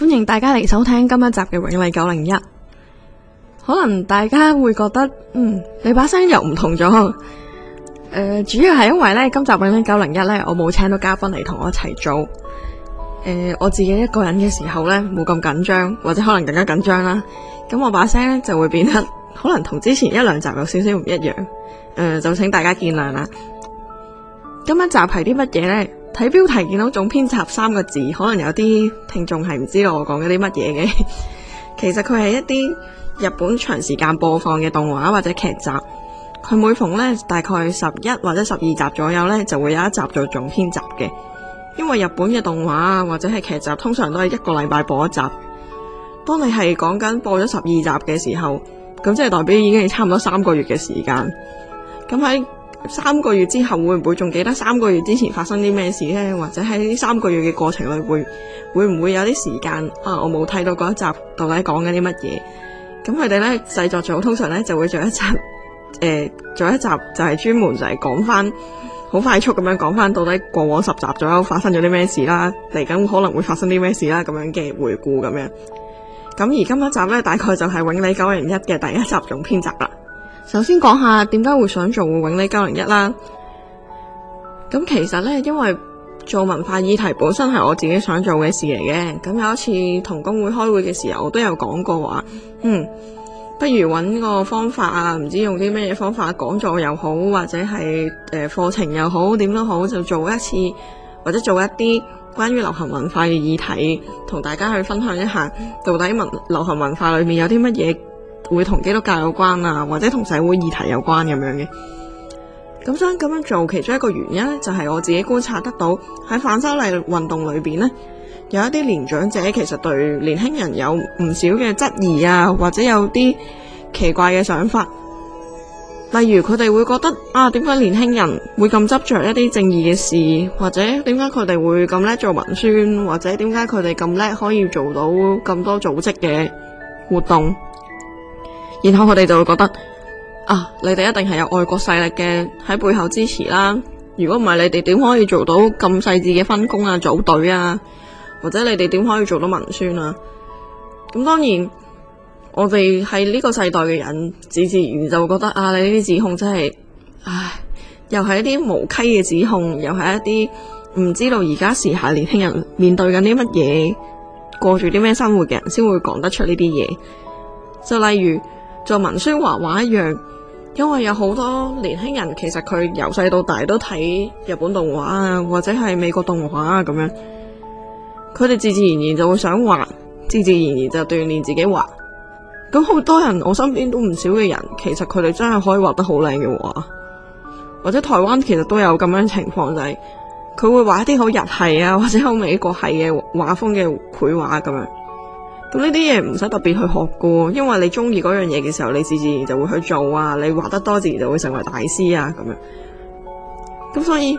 歡迎大家嚟收聽今一集嘅永利901，可能大家會覺得，嗯，你把聲又唔同咗。誒、呃，主要係因為咧，今集永利901咧，我冇請到嘉賓嚟同我一齊做。誒、呃，我自己一個人嘅時候咧，冇咁緊張，或者可能更加緊張啦。咁我把聲咧就會變得，可能同之前一兩集有少少唔一樣。誒、呃，就請大家見諒啦。今一集係啲乜嘢咧？睇標題見到總篇集三個字，可能有啲聽眾係唔知道我講緊啲乜嘢嘅。 其實佢係一啲日本長時間播放嘅動畫或者劇集，佢每逢呢大概十一或者十二集左右呢，就會有一集做總篇集嘅。因為日本嘅動畫或者係劇集，通常都係一個禮拜播一集。當你係講緊播咗十二集嘅時候，咁即係代表已經係差唔多三個月嘅時間。咁喺三個月之後會唔會仲記得三個月之前發生啲咩事呢？或者喺三個月嘅過程裏會會唔會有啲時間啊？我冇睇到嗰一集到底講緊啲乜嘢？咁佢哋呢，製作組通常呢，就會做一集誒、呃，做一集就係專門就係講翻好快速咁樣講翻到底過往十集左右發生咗啲咩事啦，嚟緊可能會發生啲咩事啦，咁樣嘅回顧咁樣。咁而今一集呢，大概就係《永利九零一》嘅第一集總編集啦。首先講下點解會想做永利901啦。咁其實呢，因為做文化議題本身係我自己想做嘅事嚟嘅。咁有一次同工會開會嘅時候，我都有講過話，嗯，不如揾個方法啊，唔知用啲咩嘢方法，講座又好，或者係誒課程又好，點都好，就做一次或者做一啲關於流行文化嘅議題，同大家去分享一下，到底文流行文化裏面有啲乜嘢？會同基督教有關啊，或者同社會議題有關咁樣嘅。咁想咁樣做，其中一個原因呢，就係我自己觀察得到喺反修例運動裏邊呢，有一啲年長者其實對年輕人有唔少嘅質疑啊，或者有啲奇怪嘅想法。例如佢哋會覺得啊，點解年輕人會咁執着一啲正義嘅事，或者點解佢哋會咁叻做文宣，或者點解佢哋咁叻可以做到咁多組織嘅活動。然後我哋就會覺得啊，你哋一定係有外國勢力嘅喺背後支持啦。如果唔係，你哋點可以做到咁細緻嘅分工啊、組隊啊，或者你哋點可以做到文宣啊？咁、嗯、當然，我哋係呢個世代嘅人，自自然就會覺得啊，你呢啲指控真係唉，又係一啲無稽嘅指控，又係一啲唔知道而家時下年輕人面對緊啲乜嘢，過住啲咩生活嘅人先會講得出呢啲嘢。就例如。做文宣畫畫一樣，因為有好多年輕人其實佢由細到大都睇日本動畫啊，或者係美國動畫啊咁樣，佢哋自自然然就會想畫，自自然然就鍛煉自己畫。咁好多人我身邊都唔少嘅人，其實佢哋真係可以畫得好靚嘅畫，或者台灣其實都有咁樣情況，就係佢會畫一啲好日系啊，或者好美國系嘅畫風嘅繪畫咁樣。呢啲嘢唔使特別去學嘅，因為你中意嗰樣嘢嘅時候，你自自然就會去做啊。你畫得多自然就會成為大師啊咁樣。咁所以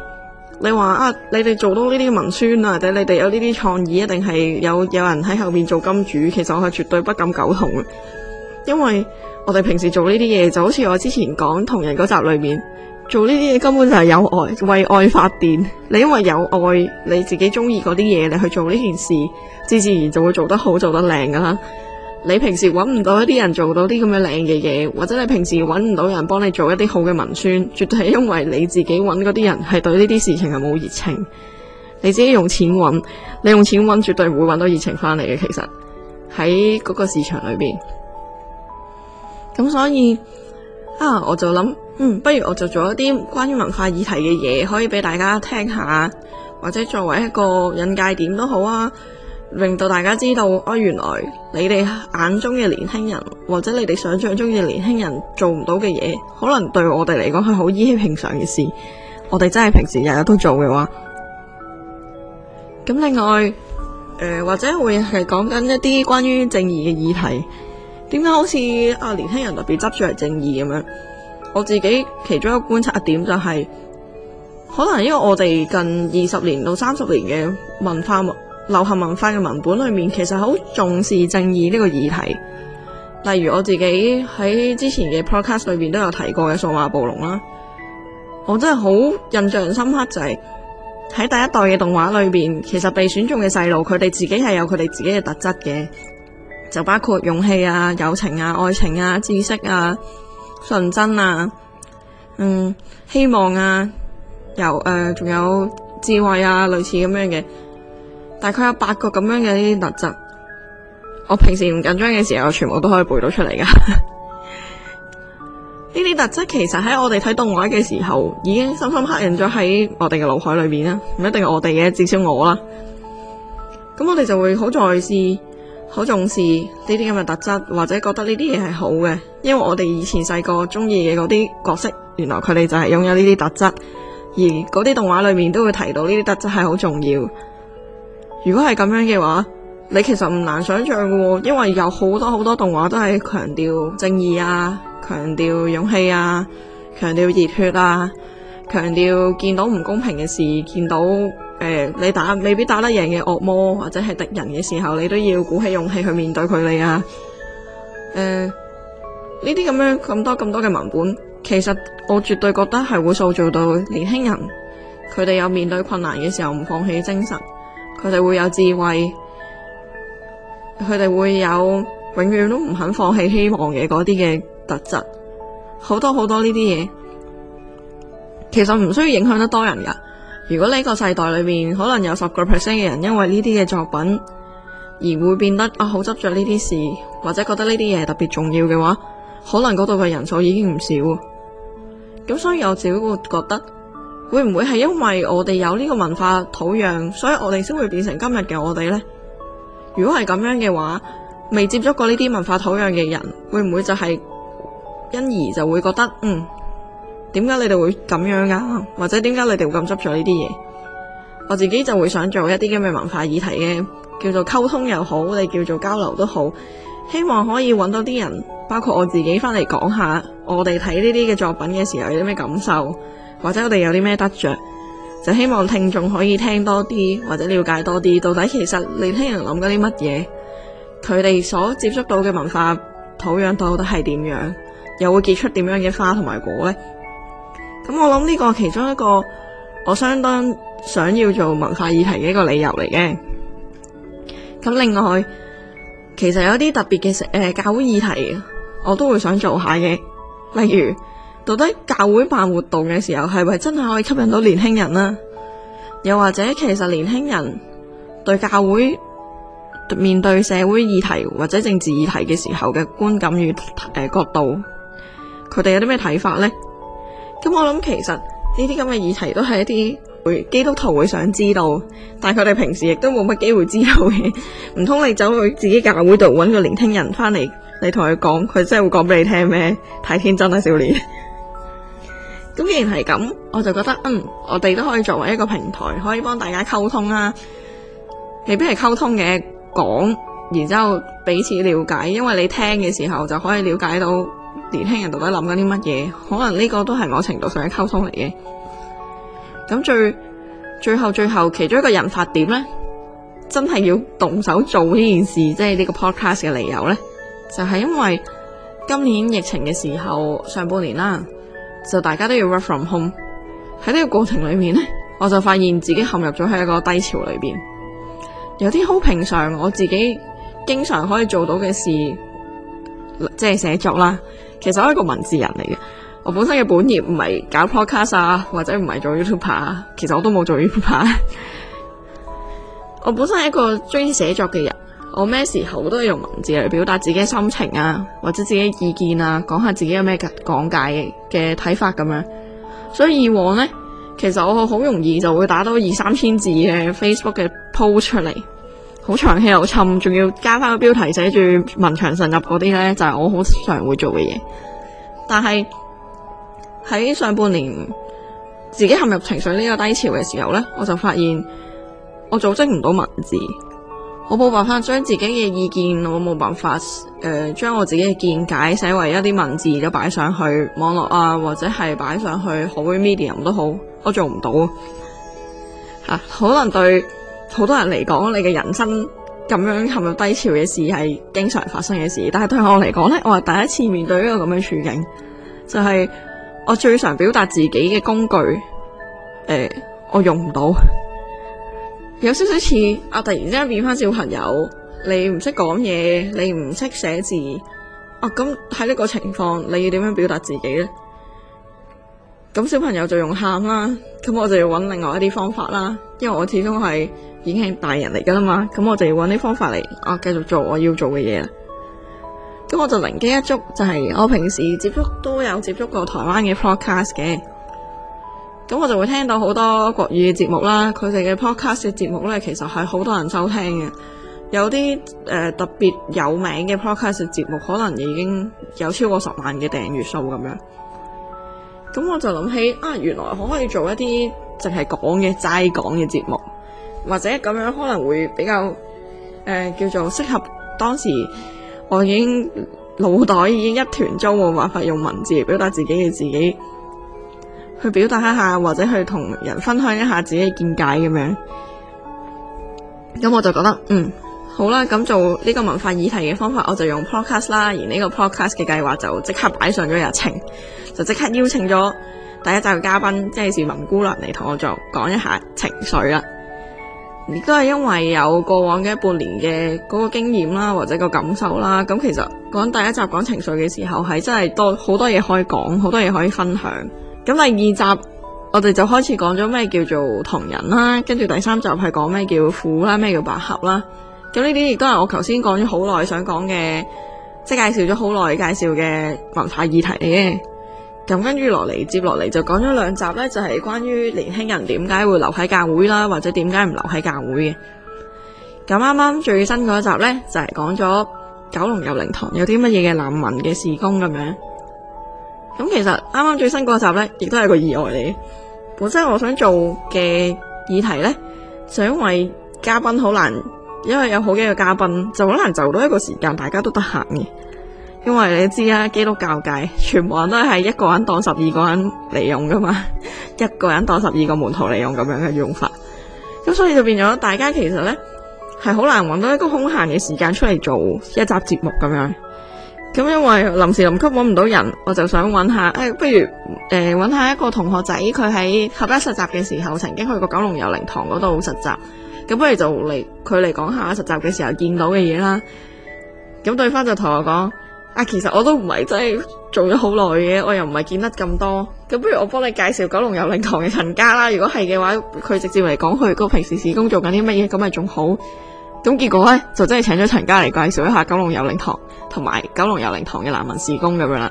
你話啊，你哋做到呢啲文宣啊，定你哋有呢啲創意，一定係有有人喺後面做金主？其實我係絕對不敢苟同嘅，因為我哋平時做呢啲嘢，就好似我之前講同人嗰集裏面。做呢啲嘢根本就係有愛，為愛發電。你因為有愛，你自己中意嗰啲嘢，你去做呢件事，自自然就會做得好，做得靚噶啦。你平時揾唔到一啲人做到啲咁樣靚嘅嘢，或者你平時揾唔到人幫你做一啲好嘅文宣，絕對係因為你自己揾嗰啲人係對呢啲事情係冇熱情。你自己用錢揾，你用錢揾，絕對唔會搵到熱情翻嚟嘅。其實喺嗰個市場裏邊，咁所以。啊！我就諗，嗯，不如我就做一啲關於文化議題嘅嘢，可以俾大家聽下，或者作為一個引介點都好啊，令到大家知道，哦，原來你哋眼中嘅年輕人，或者你哋想象中嘅年輕人做唔到嘅嘢，可能對我哋嚟講係好稀鬆平常嘅事，我哋真係平時日日都做嘅話。咁另外，誒、呃、或者會係講緊一啲關於正義嘅議題。點解好似啊年輕人特別執著係正義咁樣？我自己其中一個觀察點就係、是，可能因為我哋近二十年到三十年嘅文化流行文化嘅文本裏面，其實好重視正義呢個議題。例如我自己喺之前嘅 podcast 裏邊都有提過嘅《數碼暴龍》啦，我真係好印象深刻就係、是、喺第一代嘅動畫裏面，其實被選中嘅細路佢哋自己係有佢哋自己嘅特質嘅。就包括勇氣啊、友情啊、愛情啊、知識啊、純真啊、嗯、希望啊、有誒，仲、呃、有智慧啊，類似咁樣嘅，大概有八個咁樣嘅呢啲特質。我平時唔緊張嘅時候，全部都可以背到出嚟噶。呢 啲特質其實喺我哋睇動畫嘅時候，已經深深刻印咗喺我哋嘅腦海裏面啦。唔一定係我哋嘅，至少我啦。咁我哋就會好在意，好重視呢啲咁嘅特質，或者覺得呢啲嘢係好嘅，因為我哋以前細個中意嘅嗰啲角色，原來佢哋就係擁有呢啲特質，而嗰啲動畫裏面都會提到呢啲特質係好重要。如果係咁樣嘅話，你其實唔難想象嘅，因為有好多好多動畫都係強調正義啊，強調勇氣啊，強調熱血啊，強調見到唔公平嘅事，見到。誒、呃，你打未必打得贏嘅惡魔或者係敵人嘅時候，你都要鼓起勇氣去面對佢哋啊！誒、呃，呢啲咁樣咁多咁多嘅文本，其實我絕對覺得係會塑造到年輕人，佢哋有面對困難嘅時候唔放棄精神，佢哋會有智慧，佢哋會有永遠都唔肯放棄希望嘅嗰啲嘅特質，好多好多呢啲嘢，其實唔需要影響得多人噶。如果呢個世代裏面可能有十個 percent 嘅人因為呢啲嘅作品而會變得啊好、哦、執着呢啲事，或者覺得呢啲嘢特別重要嘅話，可能嗰度嘅人數已經唔少。咁所以我自己會覺得，會唔會係因為我哋有呢個文化土壤，所以我哋先會變成今日嘅我哋呢？如果係咁樣嘅話，未接觸過呢啲文化土壤嘅人，會唔會就係因而就會覺得嗯？點解你哋會咁樣噶？或者點解你哋會咁執着呢啲嘢？我自己就會想做一啲咁嘅文化議題嘅，叫做溝通又好，你叫做交流都好，希望可以搵到啲人，包括我自己翻嚟講下，我哋睇呢啲嘅作品嘅時候有啲咩感受，或者我哋有啲咩得着，就希望聽眾可以聽多啲，或者了解多啲到底其實年輕人諗緊啲乜嘢，佢哋所接觸到嘅文化土壤到底係點樣，又會結出點樣嘅花同埋果呢？咁我諗呢個其中一個我相當想要做文化議題嘅一個理由嚟嘅。咁另外，其實有啲特別嘅社誒教會議題，我都會想做下嘅。例如到底教會辦活動嘅時候係咪真係可以吸引到年輕人呢？又或者其實年輕人對教會面對社會議題或者政治議題嘅時候嘅觀感與誒、呃、角度，佢哋有啲咩睇法呢？咁我諗其實呢啲咁嘅議題都係一啲會基督徒會想知道，但係佢哋平時亦都冇乜機會知道嘅。唔通你走去自己教會度揾個年輕人翻嚟，你同佢講，佢真係會講俾你聽咩？太天真啦，少年！咁 既然係咁，我就覺得嗯，我哋都可以作為一個平台，可以幫大家溝通啦。未必係溝通嘅，講，然之後彼此了解，因為你聽嘅時候就可以了解到。年輕人到底諗緊啲乜嘢？可能呢個都係某程度上嘅溝通嚟嘅。咁最最後最後其中一個人發點呢，真係要動手做呢件事，即係呢個 podcast 嘅理由呢，就係、是、因為今年疫情嘅時候，上半年啦，就大家都要 work from home。喺呢個過程裏面呢，我就發現自己陷入咗喺一個低潮裏邊，有啲好平常我自己經常可以做到嘅事。即係寫作啦，其實我係一個文字人嚟嘅。我本身嘅本業唔係搞 podcast 啊，或者唔係做 YouTuber 啊，其實我都冇做 YouTuber 啊。 我本身係一個中意寫作嘅人，我咩時候都係用文字嚟表達自己嘅心情啊，或者自己嘅意見啊，講下自己有咩嘅講解嘅睇法咁樣。所以以往呢，其實我好容易就會打多二三千字嘅 Facebook 嘅 post 出嚟。好長氣又沉，仲要加翻個標題寫住文長神入嗰啲呢，就係、是、我好常會做嘅嘢。但係喺上半年自己陷入情緒呢個低潮嘅時候呢，我就發現我組織唔到文字，我冇辦法將自己嘅意見，我冇辦法誒將、呃、我自己嘅見解寫為一啲文字都擺上去網絡啊，或者係擺上去好 Medium 都好，我做唔到啊。可能對。好多人嚟講，你嘅人生咁樣陷入低潮嘅事係經常發生嘅事，但係對我嚟講咧，我係第一次面對呢個咁樣處境，就係、是、我最常表達自己嘅工具，誒、呃，我用唔到， 有少少似啊，我突然之間變翻小朋友，你唔識講嘢，你唔識寫字，啊，咁喺呢個情況，你要點樣表達自己呢？咁小朋友就用喊啦，咁我就要揾另外一啲方法啦，因為我始終係。已經係大人嚟噶啦嘛，咁我就要揾啲方法嚟啊，繼續做我要做嘅嘢啦。咁我就靈機一觸，就係、是、我平時接觸都有接觸過台灣嘅 podcast 嘅，咁我就會聽到好多國語嘅節目啦。佢哋嘅 podcast 嘅節目呢，其實係好多人收聽嘅，有啲誒、呃、特別有名嘅 podcast 嘅節目，可能已經有超過十萬嘅訂閱數咁樣。咁我就諗起啊，原來可唔可以做一啲淨係講嘅齋講嘅節目。或者咁樣可能會比較誒、呃，叫做適合當時我已經腦袋已經一團糟，冇辦法用文字表達自己嘅自己去表達一下，或者去同人分享一下自己嘅見解咁樣。咁 我就覺得嗯，好啦，咁做呢個文化議題嘅方法，我就用 podcast 啦。而呢個 podcast 嘅計劃就即刻擺上咗日程，就即刻邀請咗第一集嘅嘉賓，即係是文姑娘嚟同我做講一下情緒啦。亦都係因為有過往嘅一半年嘅嗰個經驗啦，或者個感受啦。咁其實講第一集講情緒嘅時候，係真係多好多嘢，可以講好多嘢可以分享。咁第二集我哋就開始講咗咩叫做同人啦，跟住第三集係講咩叫腐啦，咩叫百合啦。咁呢啲亦都係我頭先講咗好耐想講嘅，即係介紹咗好耐介紹嘅文化議題嚟嘅。咁跟住落嚟，接落嚟就講咗兩集呢就係關於年輕人點解會留喺教會啦，或者點解唔留喺教會嘅。咁啱啱最新嗰一集呢，就係講咗九龍佑寧堂有啲乜嘢嘅難民嘅事工咁樣。咁其實啱啱最新嗰集呢，亦都係個意外嚟嘅。本身我想做嘅議題呢，就因為嘉賓好難，因為有好幾個嘉賓，就好難就到一個時間，大家都得閒嘅。因為你知啦，基督教界全部人都係一個人當十二個人嚟用噶嘛，一個人當十二個門徒嚟用咁樣嘅用法。咁所以就變咗，大家其實呢係好難搵到一個空閒嘅時間出嚟做一集節目咁樣。咁因為臨時臨急搵唔到人，我就想搵下誒、哎，不如誒搵、呃、下一個同學仔，佢喺合一實習嘅時候曾經去過九龍佑寧堂嗰度實習，咁不如就嚟佢嚟講下實習嘅時候見到嘅嘢啦。咁對方就同我講。啊，其實我都唔係真係做咗好耐嘅，我又唔係見得咁多。咁不如我幫你介紹九龍游靈堂嘅陳家啦。如果係嘅話，佢直接嚟講佢個平時事工做緊啲乜嘢咁，咪仲好咁。結果呢，就真係請咗陳家嚟介紹一下九龍游靈堂同埋九龍游靈堂嘅難民事工咁樣啦。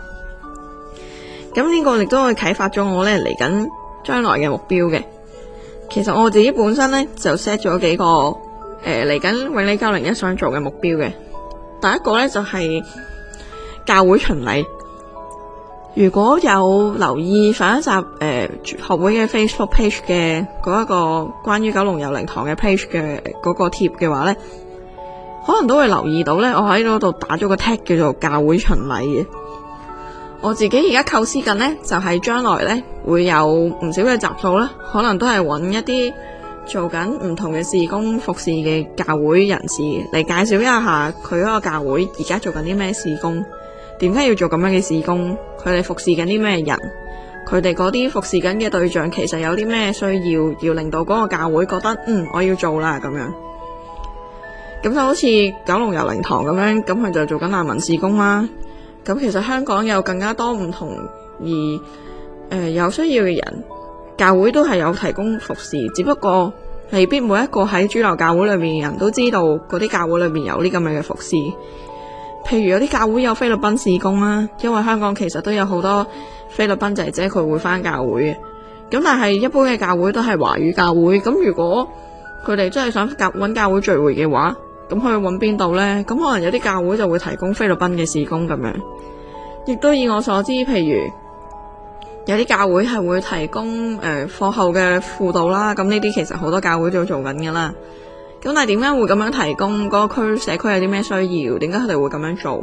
咁呢個亦都係啟發咗我呢嚟緊將來嘅目標嘅。其實我自己本身呢，就 set 咗幾個誒嚟緊永利901想做嘅目標嘅。第一個呢，就係、是。教會巡禮，如果有留意上一集誒、呃、學會嘅 Facebook page 嘅，嗰一個關於九龍游靈堂嘅 page 嘅嗰、嗰個貼嘅話咧，可能都會留意到咧。我喺嗰度打咗個 tag 叫做教會巡禮嘅。我自己而家構思緊咧，就係、係、將來咧會有唔少嘅集數啦，可能都係揾一啲做緊唔同嘅事工服侍嘅教會人士嚟介紹一下佢嗰個教會而家做緊啲咩事工。點解要做咁樣嘅事工？佢哋服侍緊啲咩人？佢哋嗰啲服侍緊嘅對象，其實有啲咩需要，要令到嗰個教會覺得，嗯，我要做啦咁樣。咁就好似九龍游靈堂咁樣，咁佢就做緊難民事工啦。咁其實香港有更加多唔同而誒、呃、有需要嘅人，教會都係有提供服侍，只不過未必每一個喺主流教會裏面嘅人都知道嗰啲教會裏面有啲咁樣嘅服侍。譬如有啲教會有菲律賓事工啦，因為香港其實都有好多菲律賓姐姐佢會返教會嘅，咁但係一般嘅教會都係華語教會，咁如果佢哋真係想揀揾教會聚會嘅話，咁去以揾邊度呢？咁可能有啲教會就會提供菲律賓嘅事工咁樣，亦都以我所知，譬如有啲教會係會提供誒、呃、課後嘅輔導啦，咁呢啲其實好多教會都做緊㗎喇。咁但係點解會咁樣提供嗰個區社區有啲咩需要？點解佢哋會咁樣做？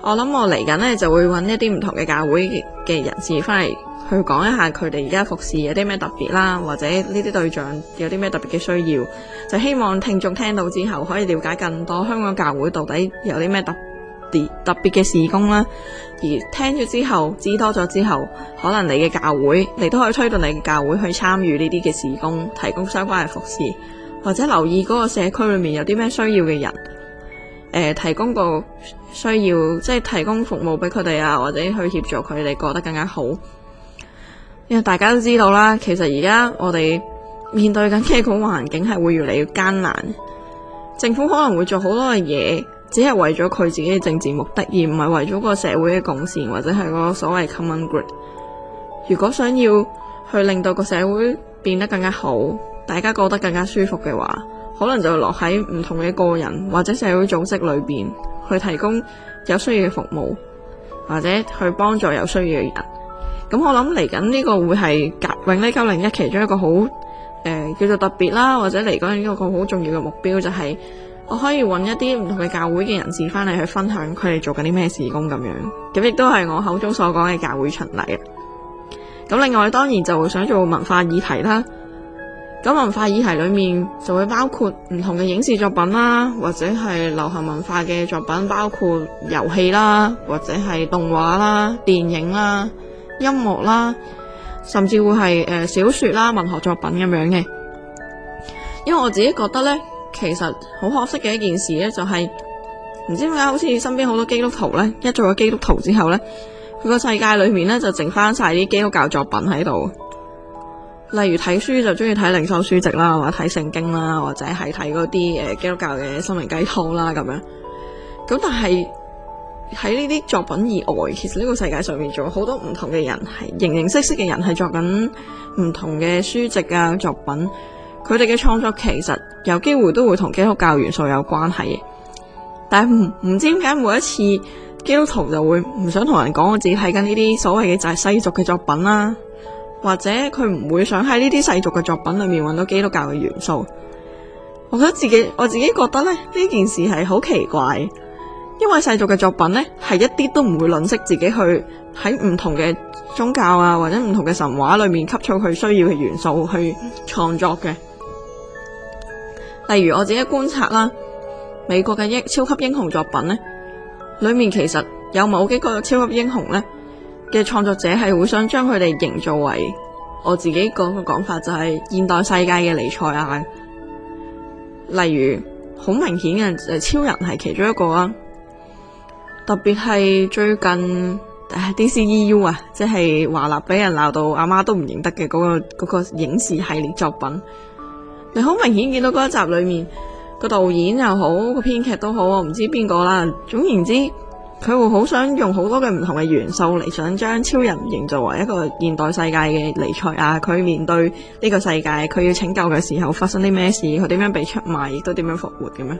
我諗我嚟緊咧就會揾一啲唔同嘅教會嘅人士翻嚟去講一下佢哋而家服侍有啲咩特別啦，或者呢啲對象有啲咩特別嘅需要。就希望聽眾聽到之後可以了解更多香港教會到底有啲咩特別特別嘅事工啦。而聽咗之後知多咗之後，可能你嘅教會，你都可以推動你嘅教會去參與呢啲嘅事工，提供相關嘅服侍。或者留意嗰個社區裏面有啲咩需要嘅人，誒、呃、提供個需要，即係提供服務俾佢哋啊，或者去協助佢哋過得更加好。因為大家都知道啦，其實而家我哋面對緊嘅環境係會越嚟越艱難，政府可能會做好多嘅嘢，只係為咗佢自己嘅政治目的，而唔係為咗個社會嘅貢獻或者係嗰個所謂 common good。如果想要去令到個社會變得更加好。大家覺得更加舒服嘅話，可能就落喺唔同嘅個人或者社會組織裏邊去提供有需要嘅服務，或者去幫助有需要嘅人。咁我諗嚟緊呢個會係夾永利九零一其中一個好誒、呃、叫做特別啦，或者嚟緊一個好重要嘅目標，就是，就係我可以揾一啲唔同嘅教會嘅人士翻嚟去分享佢哋做緊啲咩事工咁樣。咁亦都係我口中所講嘅教會巡禮啊。咁另外當然就會想做文化議題啦。咁文化議題裏面就會包括唔同嘅影視作品啦，或者係流行文化嘅作品，包括遊戲啦，或者係動畫啦、電影啦、音樂啦，甚至會係誒、呃、小說啦、文學作品咁樣嘅。因為我自己覺得呢，其實好可惜嘅一件事呢、就是，就係唔知點解好似身邊好多基督徒呢，一做咗基督徒之後呢，佢、這個世界裏面呢，就剩翻晒啲基督教作品喺度。例如睇書就中意睇靈修書籍啦，或者睇聖經啦，或者係睇嗰啲誒基督教嘅心靈雞湯啦咁樣。咁但係喺呢啲作品以外，其實呢個世界上面仲有好多唔同嘅人係形形色色嘅人係作緊唔同嘅書籍啊作品。佢哋嘅創作其實有機會都會同基督教元素有關係嘅。但係唔唔知點解每一次基督徒就會唔想同人講我自己睇緊呢啲所謂嘅就係世俗嘅作品啦、啊。或者佢唔會想喺呢啲世俗嘅作品裏面揾到基督教嘅元素，我覺得自己我自己覺得咧呢件事係好奇怪，因為世俗嘅作品咧係一啲都唔會吝嗇自己去喺唔同嘅宗教啊，或者唔同嘅神話裏面吸取佢需要嘅元素去創作嘅，例如我自己觀察啦，美國嘅英超級英雄作品咧，裏面其實有冇幾個超級英雄咧？嘅創作者係會想將佢哋營造為我自己個講法就係現代世界嘅彌賽亞，例如好明顯嘅、就是、超人係其中一個啊，特別係最近 DCEU 啊，即係華納，俾、就是、人鬧到阿媽都唔認得嘅嗰、那個那個影視系列作品。你好明顯見到嗰一集裡面、那個導演又好，個編劇都好，我唔知邊個啦。總言之。佢會好想用好多嘅唔同嘅元素嚟想將超人營造為一個現代世界嘅尼采啊！佢面對呢個世界，佢要拯救嘅時候發生啲咩事？佢點樣被出賣，亦都點樣復活嘅咩？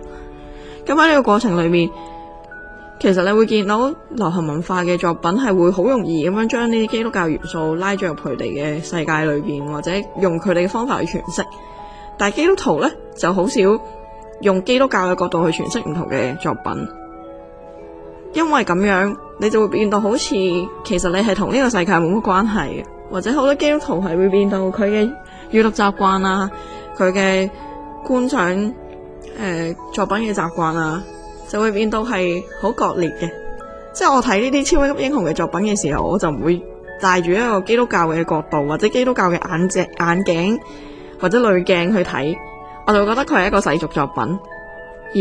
咁喺呢個過程裏面，其實你會見到流行文化嘅作品係會好容易咁樣將呢啲基督教元素拉進入佢哋嘅世界裏邊，或者用佢哋嘅方法去詮釋。但係基督徒呢，就好少用基督教嘅角度去詮釋唔同嘅作品。因為咁樣，你就會變到好似其實你係同呢個世界冇乜關係嘅，或者好多基督徒係會變到佢嘅閱讀習慣啊，佢嘅觀賞誒作品嘅習慣啊，就會變到係好割裂嘅。即係我睇呢啲超級英雄嘅作品嘅時候，我就唔會戴住一個基督教嘅角度或者基督教嘅眼鏡眼鏡或者濾鏡去睇，我就覺得佢係一個世俗作品，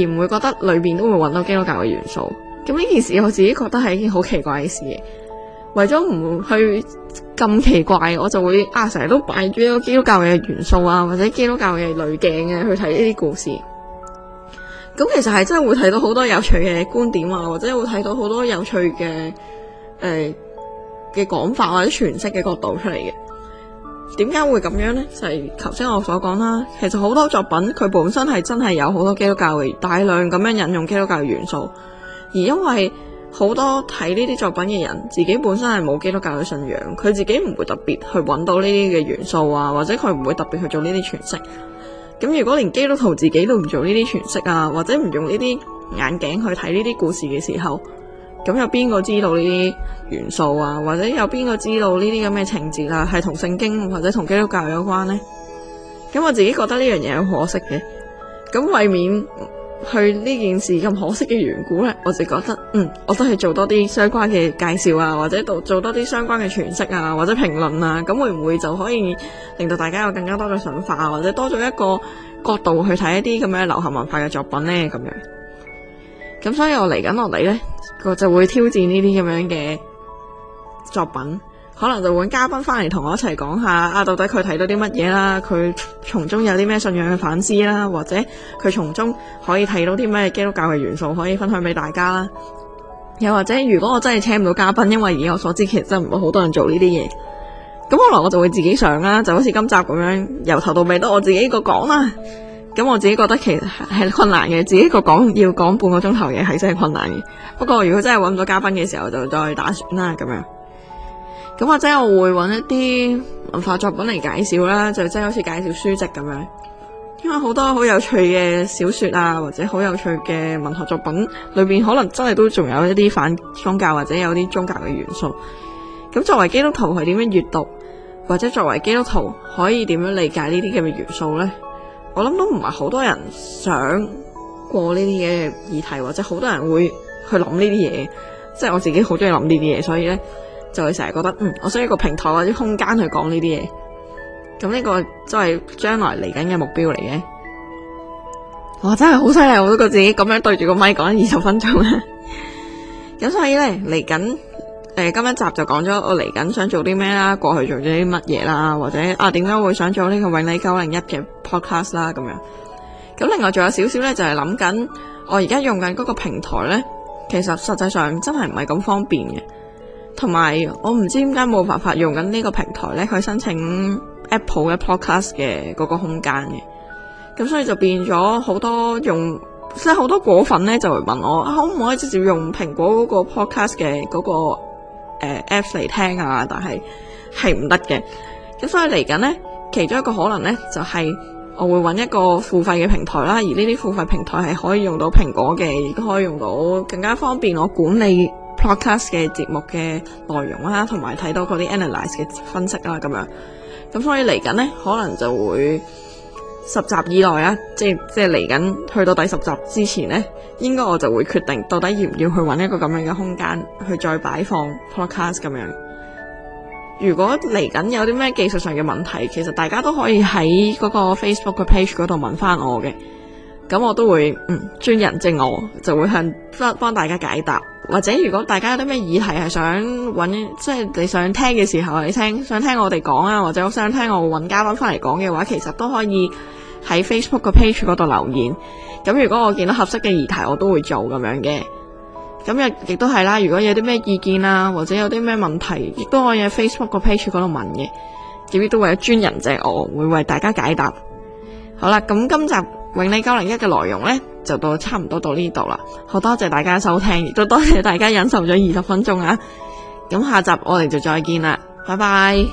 而唔會覺得裏邊都會搵到基督教嘅元素。咁呢件事，我自己覺得係一件好奇怪嘅事的。為咗唔去咁奇怪，我就會啊，成日都擺住一個基督教嘅元素啊，或者基督教嘅濾鏡嘅、啊、去睇呢啲故事。咁其實係真係會睇到好多有趣嘅觀點啊，或者會睇到好多有趣嘅誒嘅講法或者詮釋嘅角度出嚟嘅。點解會咁樣呢？就係頭先我所講啦。其實好多作品佢本身係真係有好多基督教嘅大量咁樣引用基督教嘅元素。而因為好多睇呢啲作品嘅人，自己本身係冇基督教嘅信仰，佢自己唔會特別去揾到呢啲嘅元素啊，或者佢唔會特別去做呢啲詮釋。咁如果連基督徒自己都唔做呢啲詮釋啊，或者唔用呢啲眼鏡去睇呢啲故事嘅時候，咁有邊個知道呢啲元素啊？或者有邊個知道呢啲咁嘅情節啊，係同聖經或者同基督教有關呢？咁我自己覺得呢樣嘢好可惜嘅。咁為免，去呢件事咁可惜嘅緣故呢，我就覺得嗯，我都係做多啲相關嘅介紹啊，或者做多啲相關嘅詮釋啊，或者評論啊，咁會唔會就可以令到大家有更加多嘅想法，或者多咗一個角度去睇一啲咁樣流行文化嘅作品呢？咁樣，咁所以我嚟緊落嚟呢，我就會挑戰呢啲咁樣嘅作品。可能就搵嘉賓翻嚟同我一齊講下啊，到底佢睇到啲乜嘢啦？佢從中有啲咩信仰嘅反思啦，或者佢從中可以睇到啲咩基督教嘅元素可以分享俾大家啦。又或者如果我真係請唔到嘉賓，因為以我所知其實真係唔會好多人做呢啲嘢，咁可能我就會自己上啦，就好似今集咁樣由頭到尾都我自己一個講啦。咁我自己覺得其實係困難嘅，自己一個講要講半個鐘頭嘢係真係困難嘅。不過如果真係揾唔到嘉賓嘅時候，就再打算啦咁樣。咁或者我會揾一啲文化作品嚟介紹啦，就即係好似介紹書籍咁樣，因為好多好有趣嘅小説啊，或者好有趣嘅文學作品裏面，可能真係都仲有一啲反宗教或者有啲宗教嘅元素。咁作為基督徒係點樣閲讀，或者作為基督徒可以點樣理解呢啲咁嘅元素呢？我諗都唔係好多人想過呢啲嘅議題，或者好多人會去諗呢啲嘢。即係我自己好中意諗呢啲嘢，所以呢，就會成日覺得嗯，我需要一個平台或者空間去講呢啲嘢。咁呢個真係將來嚟緊嘅目標嚟嘅。哇，真係好犀利，我都覺得自己咁樣對住個麥講二十分鐘咧。咁 所以呢，嚟緊，誒、呃，今日集就講咗我嚟緊想做啲咩啦，過去做咗啲乜嘢啦，或者啊點解會想做呢個永利九零一嘅 podcast 啦咁樣。咁另外仲有少少呢，就係諗緊，我而家用緊嗰個平台呢，其實實際上真係唔係咁方便嘅。同埋我唔知點解冇辦法用緊呢個平台咧，去申請 Apple 嘅 Podcast 嘅嗰個空間嘅。咁所以就變咗好多用，即係好多果粉咧就會問我，啊可唔可以直接用蘋果嗰個 Podcast 嘅嗰、那個誒、呃、app 嚟聽啊？但係係唔得嘅。咁所以嚟緊咧，其中一個可能咧就係、是、我會揾一個付費嘅平台啦。而呢啲付費平台係可以用到蘋果嘅，亦都可以用到更加方便我管理。Podcast 嘅節目嘅內容啦，同埋睇到嗰啲 analysis 嘅分析啦，咁樣，咁所以嚟緊呢，可能就會十集以內啊，即係即係嚟緊去到第十集之前呢，應該我就會決定到底要唔要去揾一個咁樣嘅空間去再擺放 Podcast 咁樣。如果嚟緊有啲咩技術上嘅問題，其實大家都可以喺嗰個 Facebook 嘅 page 嗰度問翻我嘅，咁我都會嗯專人即我就會向幫幫大家解答。或者如果大家有啲咩議題係想揾，即係你想聽嘅時候，你聽想聽我哋講啊，或者我想聽我揾嘉賓翻嚟講嘅話，其實都可以喺 Facebook 個 page 嗰度留言。咁如果我見到合適嘅議題，我都會做咁樣嘅。咁亦都係啦，如果有啲咩意見啊，或者有啲咩問題，亦都可以喺 Facebook 個 page 嗰度問嘅，亦都會有專人即係我，我會為大家解答。好啦，咁今集永利九零一嘅內容呢。就到差唔多到呢度啦，好多謝大家收聽，亦都多謝大家忍受咗二十分鐘啊！咁下集我哋就再見啦，拜拜。